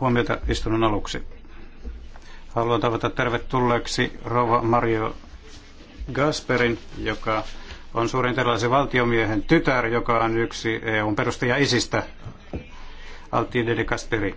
huomiota istunnon aluksi. Haluan tavata tervetulleeksi Rova Mario Gasperin, joka on suurin tällaisen valtiomiehen tytär, joka on yksi EUn perustaja isistä. Altti de Gasperi.